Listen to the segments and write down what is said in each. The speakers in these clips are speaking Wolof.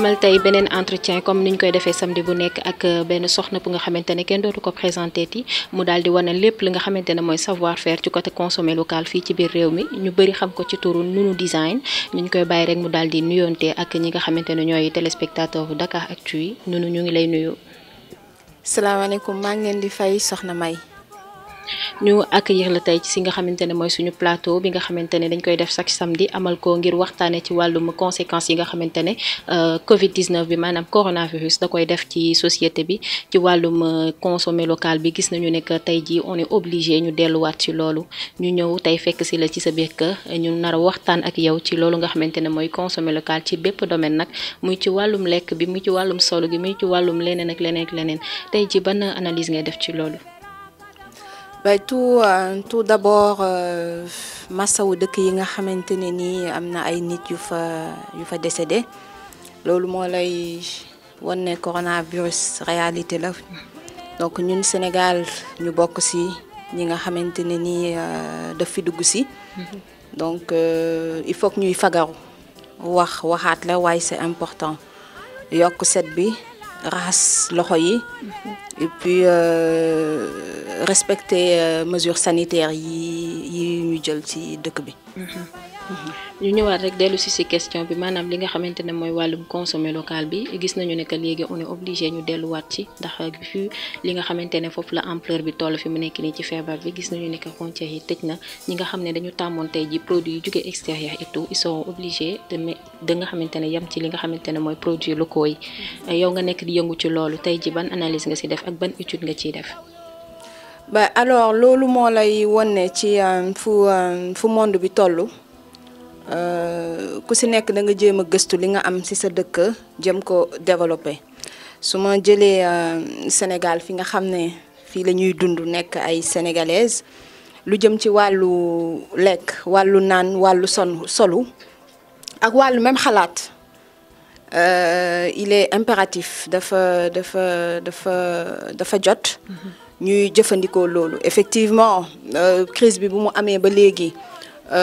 amal tey beneen entretien comme niñ koy defee samedi bu nekk ak euh, benn soxna bu nga xamante ne kenn dootu ko présenté ti mu daal di wane lépp li nga xamante ne mooy savoir faire ci côté consommé local fii ci biir réew mi ñu bëri xam ko ci turu nunu design ñu koy bàyyi rek mu daal di nuyoonte ak ñi nga xamante ne ñooy téléspectateur Dakar Actu yi nunu ñu ngi lay nuyu. salaamaaleykum maa ngi leen di fay soxna May. ñu accueillir la tey ci si nga xamante ne mooy suñu plateau bi nga xamante ne dañ koy def chaque samedi amal ko ngir waxtaanee ci wàllum conséquences yi nga xamante ne euh, Covid 19 bi maanaam coronavirus da koy def ci société bi ci wàllum euh, consommer local bi gis nañu ne que tey jii on est obligé ñu delluwaat ci loolu ñu ñëw tey fekk si la ci sa biir kër ñu nar a waxtaan ak yow ci loolu nga xamante ne mooy consommer local ci bépp domaine nag muy ci wàllum lekk bi muy ci wàllum solo gi muy ci wàllum leneen ak leneen ak leneen tey ji ban analyse ngay def ci loolu. bay tout euh, tout d'abord euh, massawu dëkk yi nga xamante ne nii am na ay nit yu fa yu fa décédé loolu moo lay wan ne coronavirus réalité la donc ñun Sénégal ñu bokk ci ñi nga xamante ne nii euh, daf fi dugg ci donc il faut que ñuy fagaru wax waxaat la waaye c'est important yokk set bi raxas loxo yi et puis euh, respecter euh, mesures sanitaires yi Kobe. ñu jël ñu ñëwaat rek dellu si si question bi maanaam li nga xamante ne mooy wàllum consommer local bi gis nañu ne que léegi on est obligé ñu delluwaat ci ndax fi li nga xamante ne foofu la ampleur bi toll fi mu nekk nii ci feebar bi gis nañu ne que frontières yi tëj na ñi xam ne dañu tàmmoon tey ji produit yu jógee extérieur et tout ils sont obligés nga xamante ne yam ci li nga xamante ne mooy produit locaux yi yow nga nekk di yëngu ci loolu tey ji ban analyse nga si def ak ban étude nga ciy def ba alors loolu moo lay wone ci euh, fu euh, fu monde bi toll Euh, ku si nekk da nga li développé euh, Sénégal fi nga dund ay sénégalaise lu jëm ci lekk son solu ak même euh, il est impératif de dafa dafa dafa jot ñuy effectivement crise bi bu mu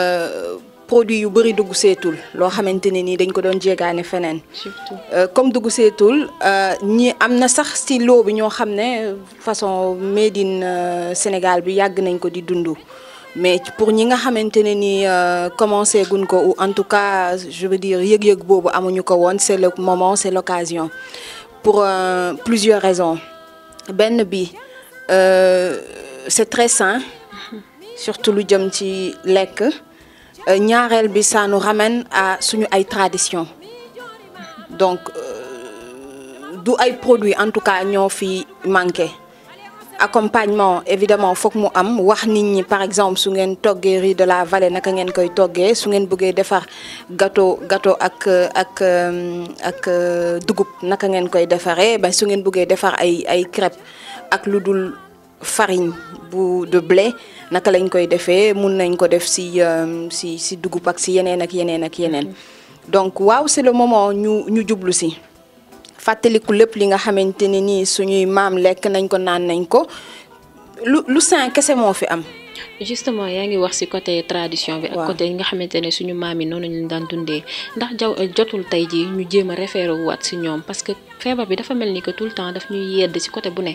produit yu bëri dugg seetul loo xamante ni dañ ko doon jéegaane feneen. surtout euh, comme dugg seetul euh, ñi am na sax si loo bi ñoo xam ne façon made in euh, Sénégal bi yàgg nañ ko di dund. mais pour ñi nga xamante ne ni commencé guñ ko ou en tout cas je veux dire yëg-yëg boobu amuñu ko woon c'est le moment c'est l'occasion pour plusieurs raisons benn bi euh, c'est très sain surtout lu jëm ci lekk. Euh, ñaareel bi ça nous ramène à suñu ay tradition donc euh, du ay produits en tout cas ño fi manqué accompagnement évidemment foog mo am wax nit ñi par exemple su ngeen toggé ri de la vallée naka ngeen koy toggé su ngeen bëggee défar gâteau gâteau ak ak euh, ak dugub naka ngeen koy défaré ba ben, su ngeen bëggee défar ay ay crêpes ak ludul farine bu de blé naka lañ koy défé mën nañ ko def ci ci ci dugub ak si yeneen ak yenen ak yenen donc waaw c'est le moment ñu ñu djublu ci fateliku lepp li nga xamante ni suñuy mam lek nañ ko naan nañ ko lu lu sain kessé mo fi am. justement yaa ngi wax ci côté tradition bi. ak côté yi nga xamante ne suñu maam yi noonu lañu daan dundee ndax jaw jotul tey jii ñu jéem a référé waat ci ñoom parce que feebar bi dafa mel ni que tout le temps daf ñuy yedd ci côté bu ne.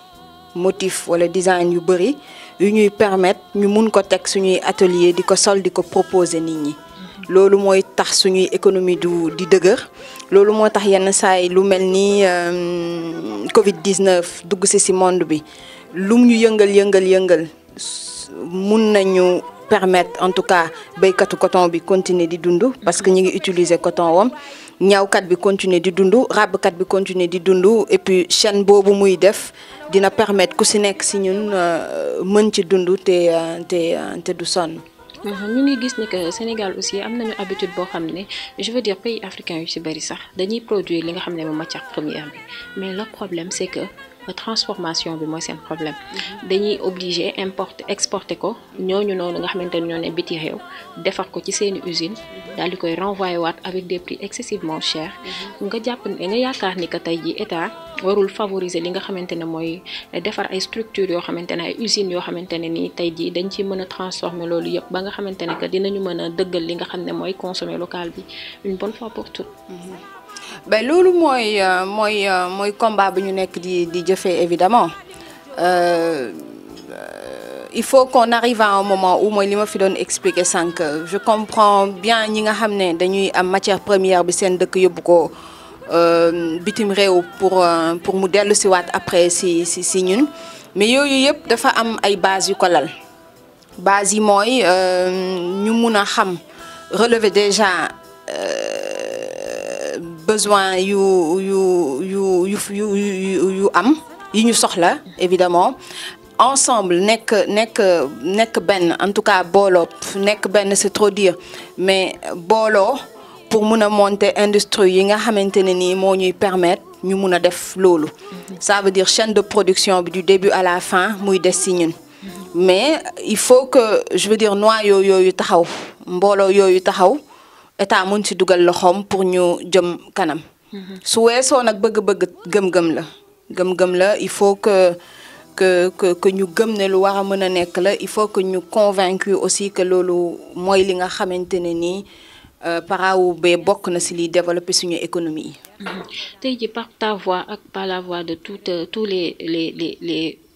motif wala design yu bëri yu ñuy permettre ñu mun ko teg suñuy atelier di ko sol di ko proposer nit ñi loolu économie du di dëgër loolu moo tax yenn saay lu euh, Covid 19 dugg si si monde bi yëngal yëngal yëngal permettre en tout cas continuer di parce que coton ñaawkat bi continuer di dund ràbbkat bi continuer di dundou et puis chaîne bobu muy def dina permettre ku si nek si ñun euh, mën ci dund té té té du son ñu ngi gis ni que Sénégal aussi am nañu habitude boo xam je veux dire pays africain yu si bëri sax dañuy produire li nga xam ne moom matière première mais le problème c'est que transformation bi mooy seen problème dañuy obligé importer exporter ko ñooñu noonu nga xamante ne ñoo ne biti réew defar ko ci seeni usine daal di koy renvoyé waat avec des prix excessivement chers nga jàpp ne nga yaakaar ni que tey ji état warul favoriser li nga xamante ne mooy defar ay structures yoo xamante ne ay usines yoo xamante ne nii tey jii dañ ci mën a transformer loolu yëpp ba nga xamante ne que dinañu mën a dëggal li nga xam ne mooy consommer local bi une bonne fois pour toutes ben loolu moy euh, moy euh, moy combat bi ñu nekk di di jëfé évidemment euh, il faut qu'on arrive à un moment où moi li ma fi done expliquer sank je comprends bien ñi nga dañuy am matière première bi sen dëkk yóbbu ko bitim réew pour pour mu dellu ci wat après si si si ñun mais yoyu yëpp dafa am ay base yu ko lal base yi euh ñu mëna xam relever déjà besoin you yu yu am évidemment ensemble nek nek en tout cas bolo c'est trop dire mais pour monter industrie yi nga ça veut dire chaîne de production du début à la fin muy il mais il faut que je veux dire noyau taxaw état mun si dugal loxom pour ñu jëm kanam. Mhm. su wesso nak bëgg-bëgg gëm-gëm la. gëm-gëm la il faut que que que que ñu gëm ne lu war mëna nekk la il faut que ñu convaincu aussi que lolu moy li nga xamante euh, para paraawu bee bokk na ci li développer suñu économie yi. Mhm. tey ji par ta voix ak par la voix de toutes euh, tous les les les les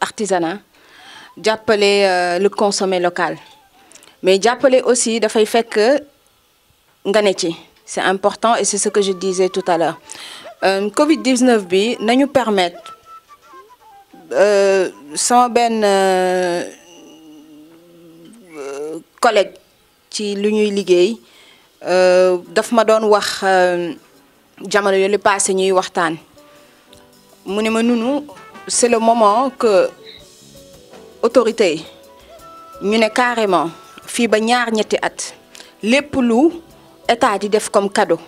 artisanat d'appeler euh, le consommé local mais d'appeler aussi dafay que que... nous ci c'est important et c'est ce que je disais tout à l'heure euh, Covid 19 nous permet permettre euh, sama euh, collègue ci lu a de daf ma que wax ne pouvons passé ñuy waxtaan nous ma c'est le moment que autorité yi ñu carrément fi ba ñaar ñetti at lepp lu état di def comme cadeau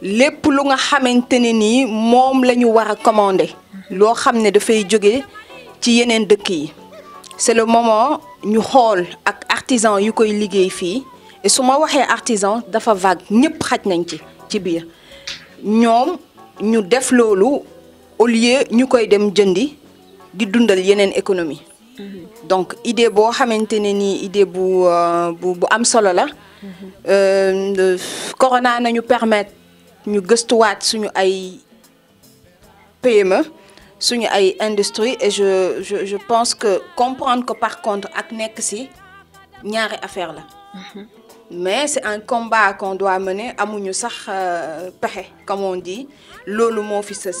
lepp lu nga xamante ne nii moom la ñu commander lo xam da fay jóge ci yenen dëkk yi c'est le moment ñu xol ak artisan yu koy liggéey fi et suma waxé artisan dafa vague ñëpp xaj nañ ci ci biir ñom ñu def lolu au lieu ñu koy dem jëndi di dundal yenen économie mhm. donc idée bo xamante ne idée bu euh, bu bu am solo la mhm. euh, corona nañu permettre ñu gëstuwaat suñu ay PME suñu ay industrie et je je je pense que comprendre que par contre ak nek ci ñaari affaire la mhm. mais c'est un combat qu'on doit mener amuñu sax euh, pexé comme on dit lolu mo fi sës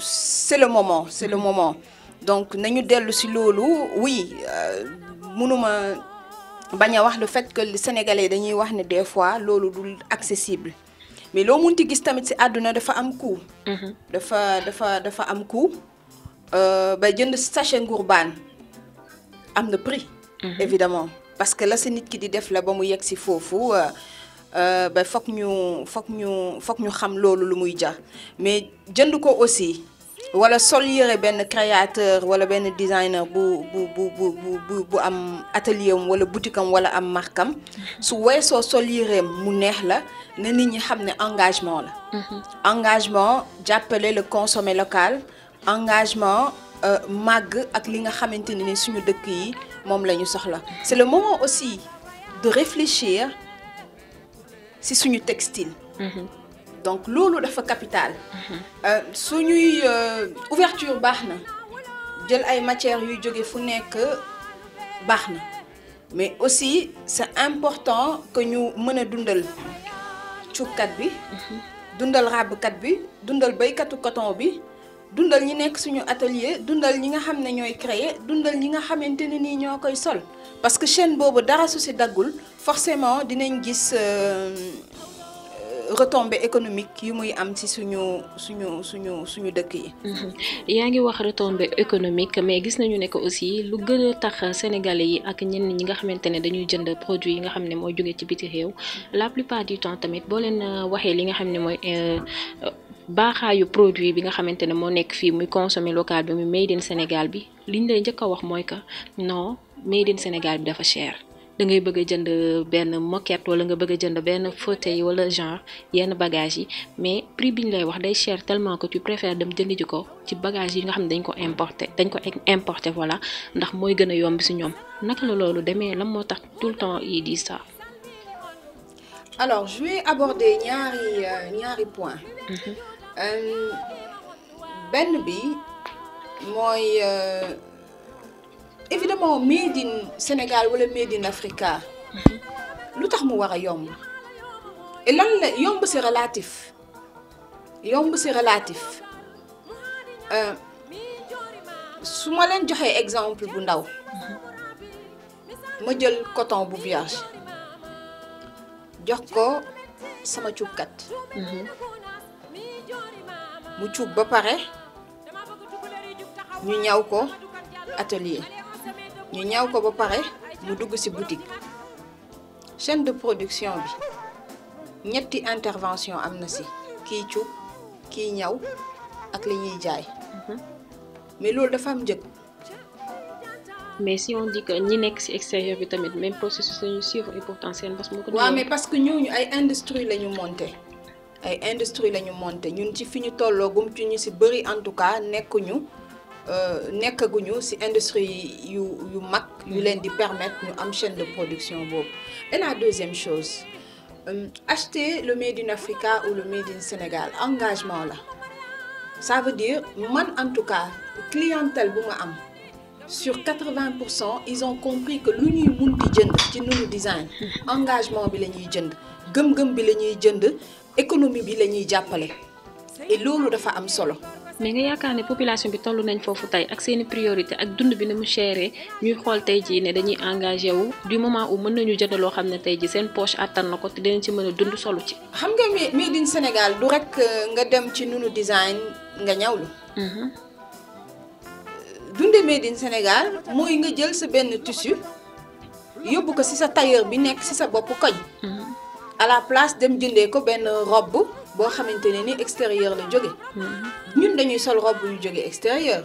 c'est le moment c'est le moment donc nous avons le oui euh, le fait que les sénégalais des fois accessible mais loo munti gis tamit si àdduna dafa am coût. Mhm. dafa dafa dafa am coût euh, prix. Mhm. évidemment parce que la qui nit ki euh, ba foog ñu foog ñu foog ñu xam loolu lu muy jar mais jënd ko aussi wala sol ben créateur wala ben designer bu bu bu bu bu bu am atelier am wala boutique am wala am markam su so sol mu neex la na nit ñi engagement la. Mm-hmm. engagement jàppale le consommer local engagement euh, mag ak li nga xamante ni suñu dëkk yi mom lañu soxla. c'est le moment aussi de réfléchir c'est suñu textile. Mhm. donc loolu dafa capital. Mhm. Euh, suñuy euh, ouverture baax na jël ay matières yuy jóge fu nekk baax mais aussi c'est important que ñu mën a dundal cuubkat bi. Mhm. dundal ràbbkat bi dundal béykatu coton bi dundal ñi nekk suñu atelier dundal ñi nga xam ne ñooy créer dundal ñi nga xamante ni nii ñoo koy sol parce que chaîne boobu dara su si daggul forcément dinañ gis euh, euh, retombé économique yu muy am ci suñu suñu suñu suñu dëkk yi. Mhm. yaa ngi wax retombées économique mais gis nañu ne aussi lu gën a tax sénégalais yi ak ñenn ñi nga xamante ne dañuy jënd produit yi nga xam ne mooy ci biti réew la plupart du temps tamit boo leen euh, waxee li nga xam ne mooy baaxaayu produit bi nga xamante ne moo nekk fii muy consommé local bi muy made in Sénégal bi liñ lay njëkk a wax mooy que non made in Sénégal bi dafa cher da ngay bëgg a jënd benn moquette wala nga bëgg a jënd benn fauteuil wala genre yenn bagages yi mais prix bi ñu lay wax day cher tellement que tu préfères dem jëndi ji ko ci bagages yi nga xam ne dañ ko importé dañ ko importé voilà ndax mooy gën a yomb si ñoom naka la loolu demee lan moo tax tout le temps yi di ça. alors je vais aborder ñaari euh, ñaari points. Mm-hmm. Euh, benn bi mooy euh, évidemment made in Sénégal wala made in Africa lutax mu wara yomb et lan la yomb si relatif yomb si relatif euh, su ma leen exemple bu ndaw ma jël coton bu vierge jox ko sama cuubkat mm-hmm mu cuub ba paré ñu ñaw ko atelier ñu ñaw ko ba paré mu dugg ci boutique chaîne de production bi ñetti intervention amna ci ki cuub ki ñaw ak li ñuy jaay mhm. mais lool dafa am njëg mais si on dit que ñi nekk ci extérieur bi tamit même processus lañu suivre et pourtant seen bas moo mais parce que ñu ay industrie lañu monté ay industrie lañu ñu monté ñun ci fiñu tollo gum ci ñu ci bëri en tout cas nekkuñu euh, nekkaguñu ci industrie yu yu mag yu leen di permettre ñu am chaîne de production boobu et la deuxième chose euh, acheter le made in Africa ou le made in Sénégal engagement la ça veut dire man en tout cas clientèle bu ma am sur 80 ils ont compris que lu ñuy mun di jënd ci nunu design engagement bi lañuy jënd gëm-gëm bi lañuy jënd économie bi la ñuy jàppale loolu dafa am solo. mais nga yaakaar ne population bi toll nañ foofu tey ak seeni priorité ak dund bi ni mu chéré ñuy xool tey jii ne dañuy engagé wu du moment où mën nañu jënd loo xam ne tey jii seen poche attan na ko te dinañ ci mën a dund solo ci. xam nga made in Sénégal du rek euh, nga dem ci nunu design nga ñaw lu mhm. dunde made in Sénégal mooy nga jël sa benn tissu yóbbu ko ci sa tailleur bi nekk ci sa bopp koñ. Mhm. à la place dem jëndee ko benn robe bo xamante ni extérieur la jóge ñun dañuy sol robe yu jóge extérieur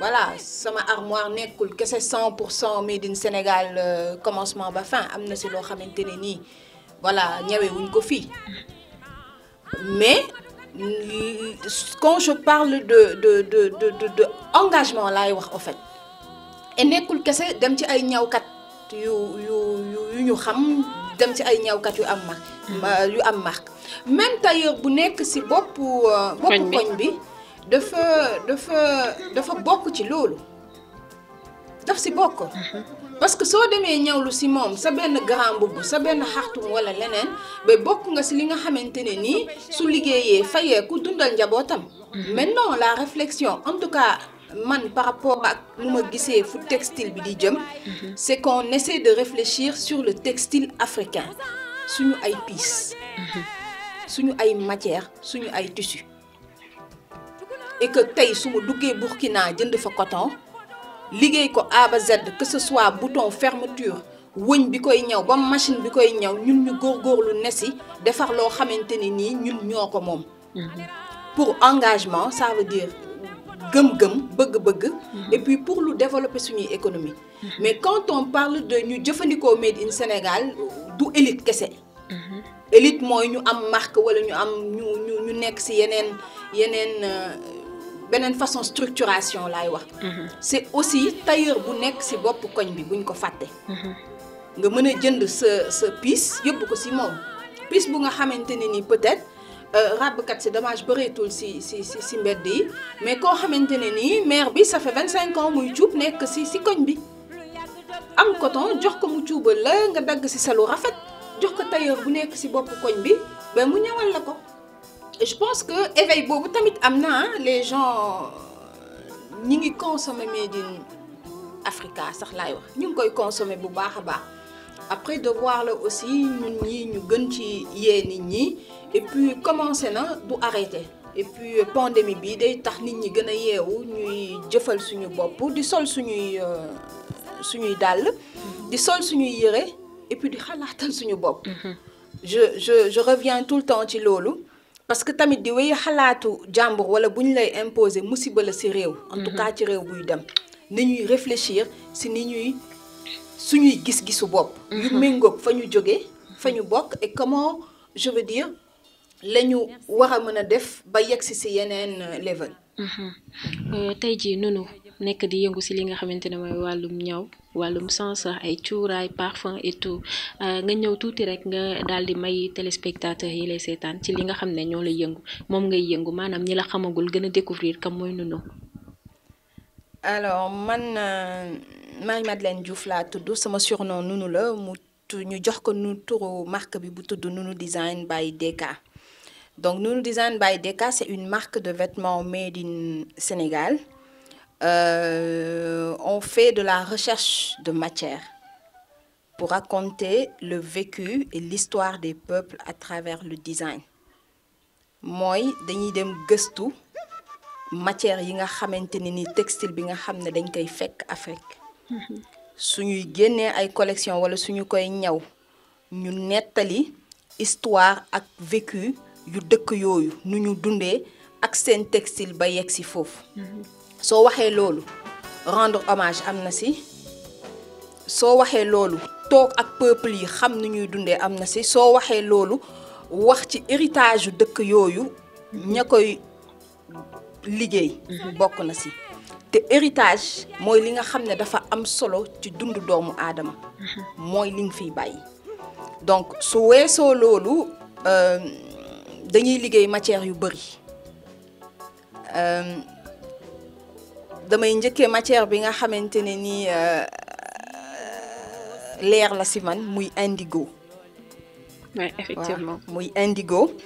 voilà sama armoire nekkul kessé 100 pour made in Sénégal euh, commencement ba fin amna ci lo loo ni voilà ñawé wuñ ko fi mais quand je parle de de de de de engagement là, wax en fait et nekkul kessé dem ci ay ñawkat yu yu yu ñu xam dem ci ay ñawkat yu am marque. yu am marque même tailleur bu nekk si boppu. Euh, boppu koñ bi dafa dafa dafa bokk ci loolu. daf si bokk. parce que soo demee ñawlu si moom sa benn grand bubu sa benn xartum wala leneen ba bokk nga si li nga xamante ne nii su liggéeyee fayeeku dundal njabootam. Mm-hmm. maintenant la réflexion en tout cas man par rapport à ce ma gisee fu textile bi di c'est qu'on essaie de réfléchir sur le textile africain suñu ay nous suñu ay matières suñu ay tissus et que tey su dougué duggee Burkina jënd fa coton liggéey ko A à Z que ce soit bouton fermeture wëñ bi koy ñaw ba machine bi koy ñaw ñun ñu gor lu si defar loo xamante ni nii ñun ñoo ko mhm. pour engagement ça veut dire Mhm. et puis pour nous développer son économie mhm. mais quand on parle de New made in Sénégal du élite qu'est-ce? Mhm. élite C'est ñu am marque wala ñu am ñu une euh, façon structuration structurer. c'est aussi tailleur bu nekk ci nous koñ bi buñ ko nous nga jënd il y a peut-être euh, ràbbkat si dommage bëreetul si si si si mbedd mais ko xamante ne nii bi ça fait 25 ans muy cuub nek si si koñ bi am coton jox ko mu ciubal la nga dag si salu rafet jox ko tailleur bu nek si bop koñ bi ba mu ñewal la ko. je pense que éveil bobu tamit amna hein, les gens euh, ñi ngi consommer made in Africa sax lay wax ñu ngi koy consommer bu baaxa a baax après devoir aussi ñun ñi ñu gën ci yee ñi et puis commencé na du arrêter et puis pandémie bi day tax nit ñi gëna a ñuy jëfal suñu bopp di sol suñuy euh, suñuy dal di sol suñuy yére et puis di xalaatal suñu bopp mhm. je je je reviens tout le temps ci lolu parce que tamit di wéy xalaatu jàmbur wala buñ lay imposer musiba la si réew en tout mhm. cas ci réew buy dem ni ñuy réfléchir si ni ñuy suñuy gis-gisu bop mhm. yu mengo fa ñu jógee fa ñu bokk et comment je veux dire lañu ñu mëna def ba yegg ci yenen euh, level. Mhm. Euh, tey jii noonu nekk di yëngu si li nga xamante ne mooy wàllum ñaw wàllum sens ay cuuraay parfum et tout euh, nga ñëw tuuti rek nga daal di may téléspectateurs yi lay seetaan ci li nga xam ne ñoo lay yëngu moom ngay yëngu maanaam ñi la xamagul gën a découvrir kam mooy noonu. alors man. Marie-Madeleine Diouf la tudd mon surnom nous le mu ñu jox ko marque de bu Nounou design by DK donc Nounou design by DK c'est une marque de vêtements made in Sénégal euh, on fait de la recherche de matière pour raconter le vécu et l'histoire des peuples à travers le design mooy dañuy dem gestu, matière yi nga xamante textile bi nga xam dañ koy Afrique suñuy génnee ay collection wala suñu koy ñaw ñu nettali histoire ak vécu yu dëkk yooyu nu ñu dundee ak seen textil ba yegg si foofu soo waxee loolu rendre hommage am na si soo waxee loolu toog ak peuple yi xam nu ñuy dundee am na si soo waxee loolu wax ci héritage yu dëkk yooyu ña koy liggéey bokk na si héritage li nga dafa am solo ci dundu doomu adama. li donc su euh, dañuy liggéey matière yu euh, matière bi nga euh, la si man indigo. oui effectivement indigo. Mhm.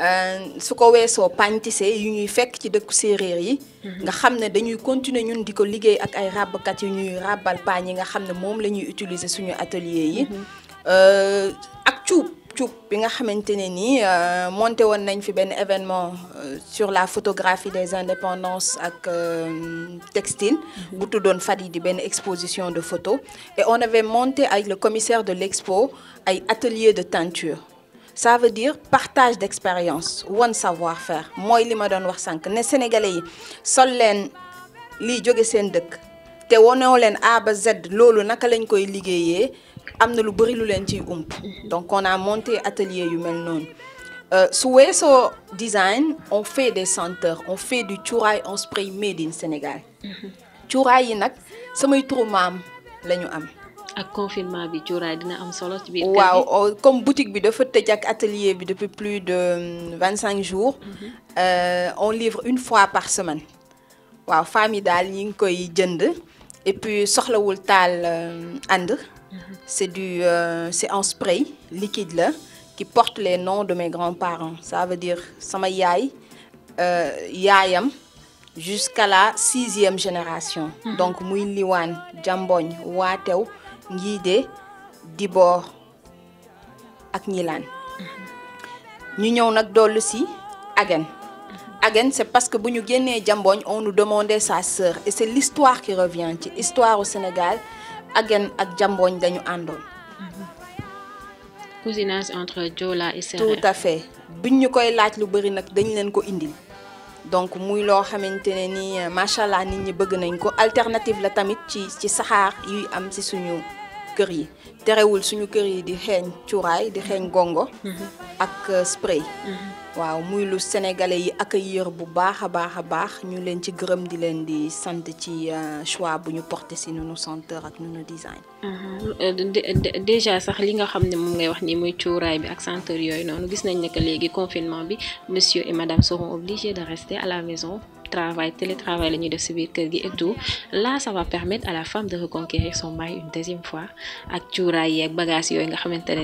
Euh, su ko weesoo pantise yu ñuy fekk ci dëkku séeréer yi mhm. nga xam ne dañuy continuer ñun di ko liggéey ak ay ràbbkat yu ñuy rabbal paañ yi nga xam ne moom la ñuy utiliser suñu atelier yi mhm. euh, ak cuub cuub bi nga xamante ne nii euh, monté woon nañ fi benn événement sur la photographie des indépendances ak textile mhm. bu tuddoon fadi di benn exposition de photo et on avait monté avec le commissaire de l'expo ay atelier de teinture ça veut dire partage d'expérience one savoir-faire Moi, li ma doon wax sank ne sénégalais yi sol len li jóge sen deuk te wonew len A ba Z lolu naka lañ koy liggéeyee am lu lu len ci ump donc on a monté atelier yu mel noonu euh, so design on fait des centres, on fait du cuuraay on spray made in Sénégal cuuraay mhm. nak, nag samay mam maam am ak confinement bi cuuraay dina am solo. ci biir oh, comme boutique bi dafa tëj ak atelier bi depuis plus de 25 hum, jours. Mhm. Euh, on livre une fois par semaine. waaw femmes yi daal ñi ngi koy jënd et puis soxlawul taal euh, ànd. Mhm. c'est du euh, c'est en spray liquide la qui porte les noms de mes grands-parents ça veut dire sama yaay yaayam. jusqu'à la sixième génération. Mhm. donc muy liwaan jàmboñ waatew Nguidé Dibor ak Gnilane ñu ñëw nag dollu si Agen Agen c'est parce que bu ñu génnee Jamboñ on nous demandait sa sœur et c'est l'histoire qui revient ci histoire au Sénégal Agen ak Jamboñ dañu àndoon cousinage entre Joola et Seereer tout à fait biñ ñu koy laaj lu bëri nag dañ leen ko indil donc muy loo xamante ne ni macha allah nit ñi bëgg nañ ko alternative la tamit ci ci saxaar yuy am ci suñu kër yi terewul suñu kër yi di xeeñ cuuraay di xeeñ gongo. Mm-hmm. ak euh, spray. Mm-hmm. waaw muy lu sénégalais yi accueillir bu baax a baax a baax ñu leen ci gërëm di leen di sant ci euh, choix bu ñu porté si nunu senteur ak nunu design. Uh-huh. Euh, déjà sax li nga xam ne moom ngay wax ni muy cuuraay bi ak centre yooyu noonu gis nañ ne que léegi confinement bi monsieur et madame seront obligés de rester à la maison. travail, télétravail, la nuit de subir et tout. Là, ça va permettre à la femme de reconquérir son mari une deuxième fois. Avec Tchoura et avec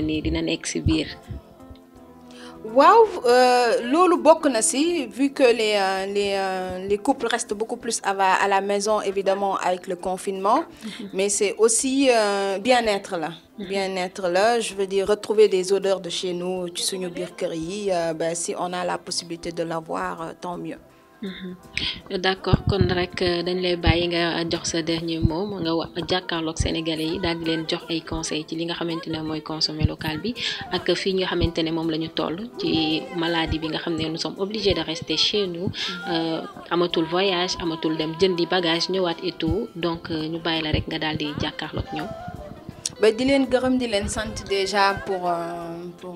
dina elle va exhibir Wow, euh, lolo si vu que les euh, euh, les couples restent beaucoup plus à la maison évidemment avec le confinement mais c'est aussi euh, bien-être là bien-être là je veux dire retrouver des odeurs de chez nous tu suñu ben, si on a la possibilité de l'avoir tant mieux Mhm. d'accord kon rek euh, dañ lay bàyyi nga euh, jox sa dernier mot nga wax jàkkaarloog sénégalais yi daal di leen jox ay conseils ci li nga xamante ne mooy consommer local bi ak fii nga xamante ne moom la ñu toll ci maladie bi nga xam nous sommes obligés de rester chez nous euh, amatul voyage amatul dem jëndi bagage ñëwaat et tout donc ñu bàyyi la rek nga daal di jàkkaarloog ñoom. ba di leen gërëm di leen sant déjà pour pour.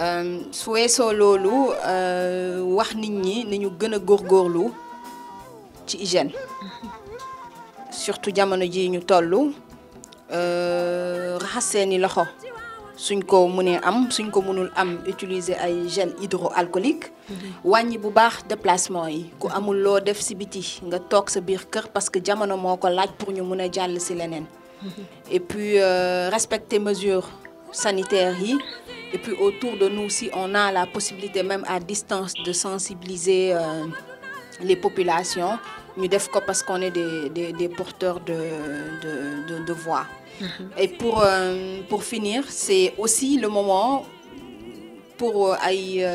Euh, su weesoo loolu euh, wax nit ñi ni ñu gën a góorgóorlu ci hygiène surtout jamono ji ñu toll euh, raxas seeni loxo suñ ko am suñ ko mënul am utiliser ay gel hydroalcoolique mhm. wàññi bu baax déplacement yi ku amul loo def si biti nga toog sa biir kër parce que jamono moo ko laaj pour ñu mën a mhm. et puis respecter mesures sanitaires et puis autour de nous aussi on a la possibilité même à distance de sensibiliser euh, les populations nous parce qu'on est des porteurs de de voix. Mhm. et pour euh, pour finir c'est aussi le moment pour euh, ay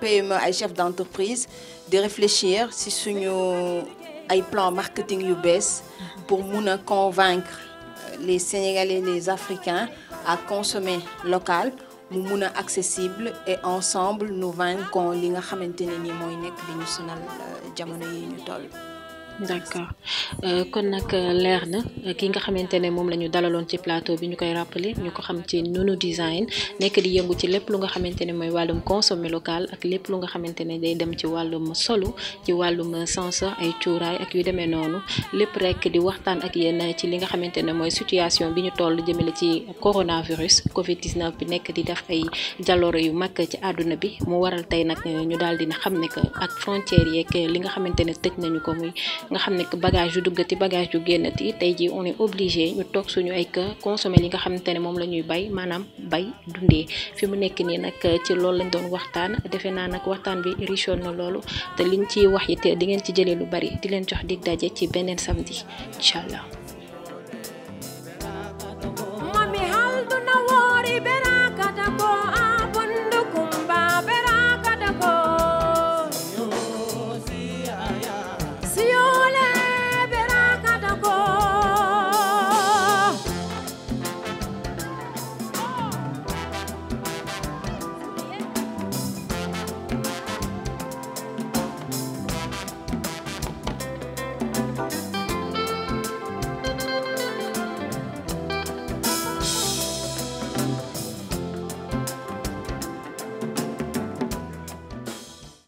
PME chef chefs d'entreprise de réfléchir si suñu un plan marketing ubs pour nous convaincre les Sénégalais, et les Africains à consommer local mu sommes accessible et ensemble nous vins li nga xamante ne nii mooy d'accord euh, kon nag euh, leer na ki nga xamante ne moom la ñu dalaloon ci plateau bi ñu koy rappeler ñu ko xam ci Nounou Design nekk di yëngu ci lépp lu nga xamante ne mooy wàllum consommé local ak lépp lu nga xamante ne day dem ci wàllum solo ci wàllum sens ay cuuraay ak yu demee noonu lépp rek di waxtaan ak yéen ci li nga xamante ne mooy situation bi ñu toll jëmale ci coronavirus Covid 19 bi nekk di def ay jalooro yu mag ci àdduna bi mu waral tey nag ñu daal dina xam ne que ak frontières yeeg li nga xamante ne tëj nañu ko muy. nga xamne bagage yu dugg ci bagage yu genn ti tay ji on est obligé ñu tok suñu ay cœur consommer li nga xamne tane mom lañuy bay manam bay dundé fi mu nekk ni nak ci loolu lañ doon waxtaan defé na nak waxtaan bi richeur na loolu te liñ ci wax yi te di ngeen ci jëlé lu bari di leen jox dig dajé ci benen samedi inshallah